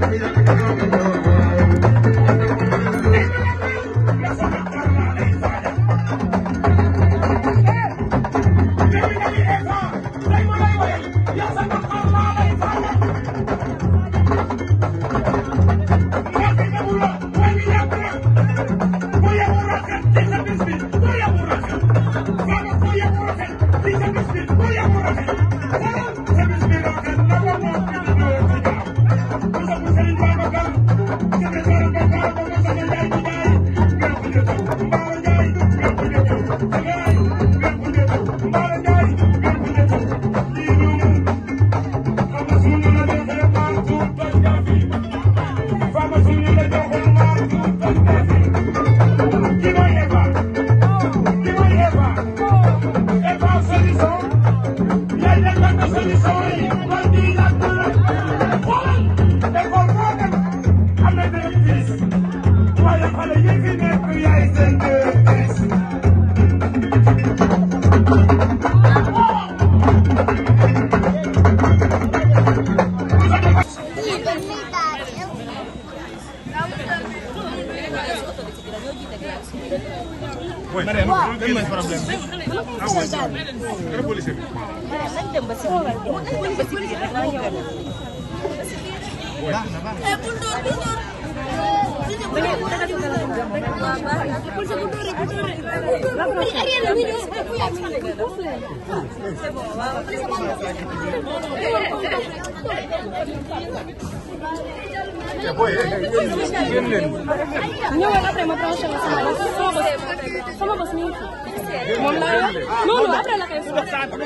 Thank you. Thank you. nañ dem ba si biir rek moo gën baax na baax na. bul door bul door. ñëwal après ma branché la sama bos sama bos mi ngi fi moom laa wax non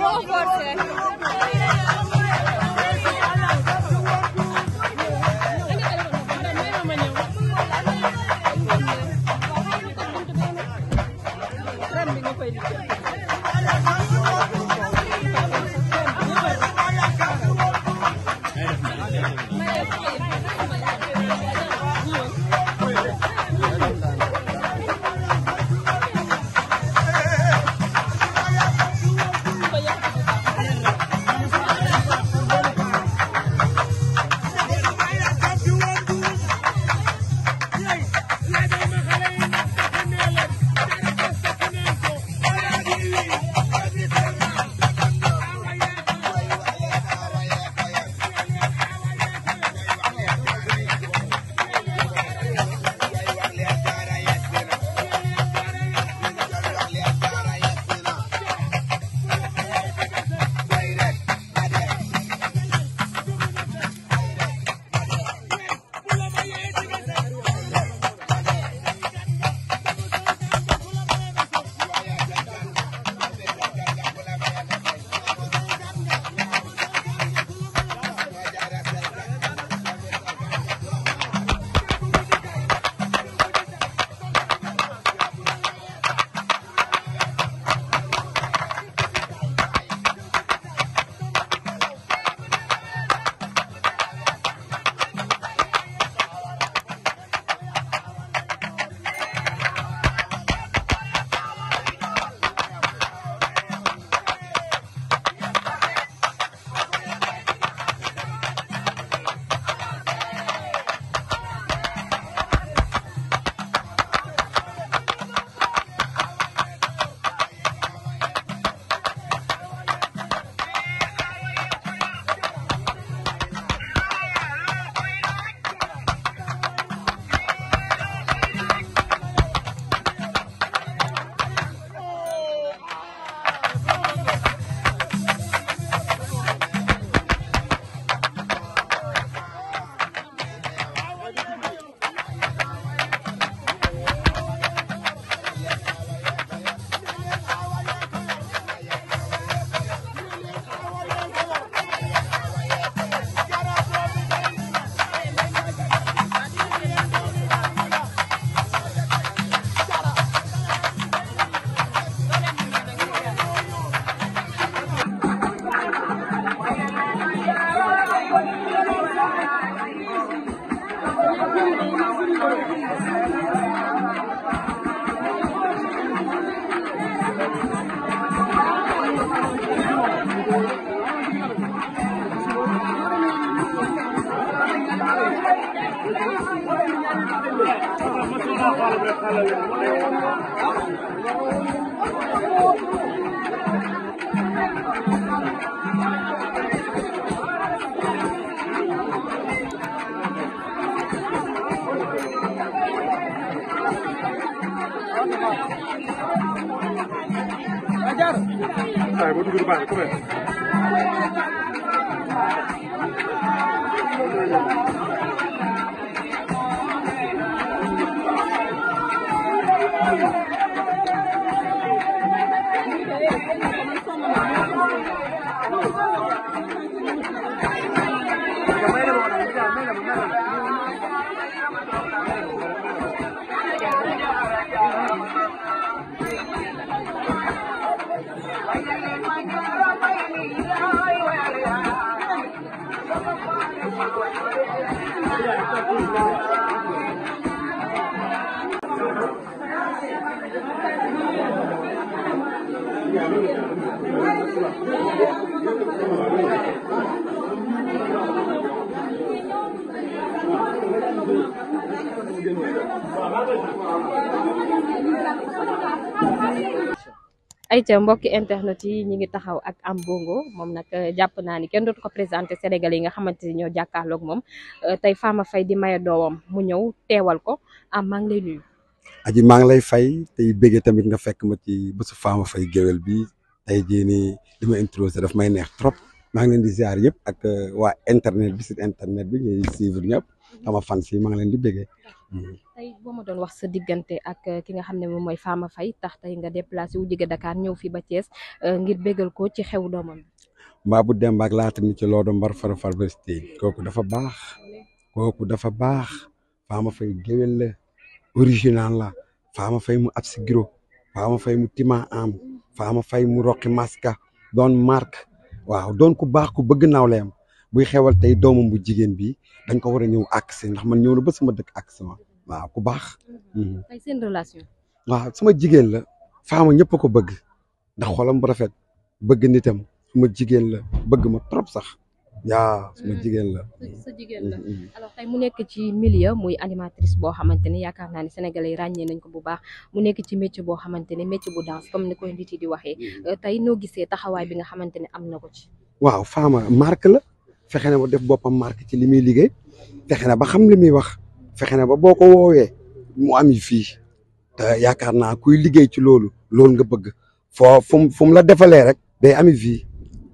non après la fin. Tá, eu vou dormir no banho, como é? ayca mbokki internet yi ñi ngi taxaw ak Am Bongo moom nag eh, jàpp naa ni kenn dootu ko présenté Sénégalais yi nga xamante ni ñoo jàkkaarloog moom eh, tey Fama Faye di maye doomam mu ñëw teewal ko am maa ngi lay nuyu. aji maa ngi lay fay tey bëggee tamit nga fekk ma ci bésu Fama fay géwél bi tey jii nii li ma introsé daf may neex trop maa ngi leen di jaar yëpp ak euh, waa internet bi site internet bi ñuy suivre ñëpp sama fan si maa ngi leen di bëggee. Hmm. tey boo ma doon wax sa diggante ak euh, ki nga xam ne moom mooy Fama Faye tax tey nga déplacé wu jóge Dakar ñëw fi ba Thiès euh, ngir bëggal ko ci xew doomam. mbaa bu dem ak laata mi ci loolu mbar far far kooku dafa baax kooku dafa baax Fama original la faama fay mu absigiro faama fay mu tima am faama fay mu roqi maska doon marque waaw doon ku baax ku bëgg nawleem buy xewal tey doomam bu jigéen bi dañ ko war a ñëw àgg si ndax man ñëw na ba sama dëkk àgg si ma waaw ku baax. ay mhm. seen relation. jigéen la faama ñëpp ko bëgg ndax xolam bu rafet bëgg nitam sama jigéen la bëgg ma trop sax. yaa mm. suma jigéen la. jigéen la mm-hmm. mu nekk ci milieu muy animatrice boo xamante ne yaakaar naa ne sénégalais ràññee nañ ko bu baax mu nekk ci métier boo xamante ne métier bu danse comme ni koy nit yi di waxee mm-hmm. euh, tey noo gisee taxawaay bi nga xamante ne am na ko ci. waaw Fama marque la fexe na ba def boppam marque ci li muy liggéey fexe na ba xam li muy wax fexe na ba boo ko woowee mu am yi fii yaakaar naa kuy liggéey ci loolu loolu nga bëgg foo fu mu la defalee rek day ami fii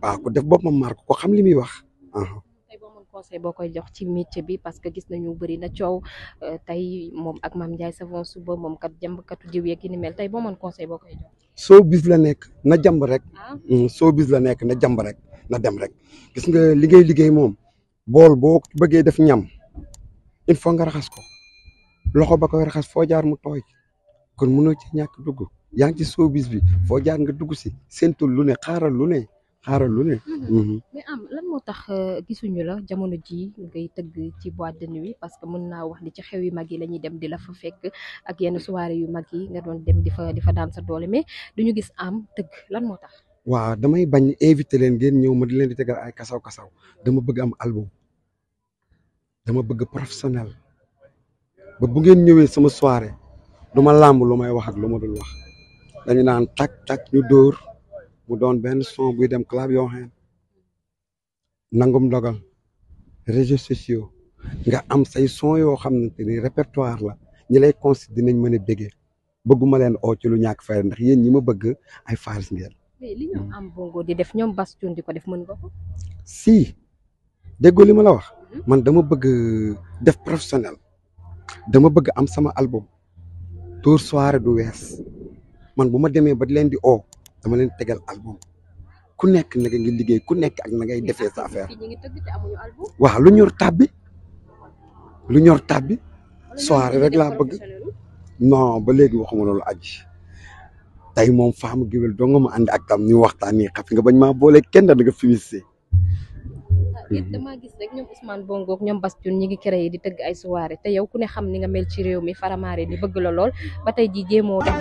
waaw ku def boppam marque ko xam li muy wax. Uh-huh. tey boo mën conseil boo koy jox ci métier bi parce que gis nañu bëri na coow euh, tey moom ak Mame Ndiaye Savon suba moom kat jàmbkatu jiw yeeg yi ni mel tey boo mën conseil boo koy jox. bis la nekk na jàmb rek. Ah. Mm, soo la nekk na jàmb rek na dem rek gis nga li ngay liggéey moom bool boo bëggee def ñam il faut nga raxas ko loxo ba koy raxas foo jaar mu tooy kon mënoo ci ñàkk dugg yaa ngi ci soo bis bi foo jaar nga dugg si séntul lu ne xaaral lu ne. xaaral lu ne. mais am lan moo tax euh, gisuñu la jamono ji ngay tëgg ci boîte de nuit parce que mën naa wax ni ci xew yu mag yi lañuy dem di la fa fekk ak yenn soirée yu mag yi nga doon dem di fa di fa daan sa doole mais duñu gis am tëgg lan moo tax. waaw damay bañ invité leen ngeen ñëw ma di leen di tegal ay kasaw kasaw dama bëgg am album dama bëgg professionnel ba bu ngeen ñëwee sama soirée duma làmb lu may wax ak lu ma dul wax dañu naan tak tak ñu mu doon benn son buy dem club yoo xam nangum dogal réseaux sociaux nga am say son yoo xamante ni répertoire la ñi lay consi dinañ mën a bëgguma leen oo ci lu ñàkk fay yéen ñi ma bëgg ay faris ngeen li ñoom am bongo di def ñoom Bass Thioung di ko def mën nga ko si déggoo li ma la wax mhm. man dama bëgg def professionnel dama bëgg am sama album tour soirée du wees man bu ma demee ba leen di oo dama leen tegal album ku nekk naka ngi liggéey ku nekk ak na ngay defee sa affaire waaw lu ñor tàbbi lu ñor tàbbi soirée rek laa bëgg non ba léegi waxuma loolu aji tey moom faama géwél doo nga ma ànd ak tam ñu waxtaan nii xam nga bañ maa boole kenn da nga fimisee yëpp mhm. damaa gis rek ñoom Ousmane Bongo ñoom Bass Thioung ñi ngi créé di tëgg ay soirée te yow ku ne xam ni nga mel ci réew mi faramaare ni bëgg la lool ba tey ji jéemoo def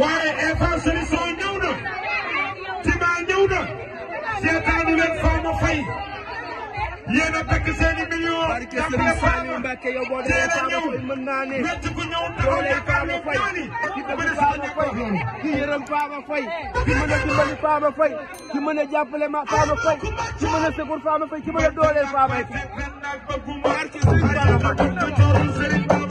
waaye information ñëw na tima ñëw na seetaanu leen Fama Faye yéen a takk seeni million jàppale Fama teel a ñëw wecc ku ñëw taxaw yaakaar ne ñaani mën a si ko ki yërëm Fama Faye ki mën a dimbali Fama Faye ki mën a jàppale ma Fama Faye ki mën a secours Fama Faye ki mën a dooleel Fama Faye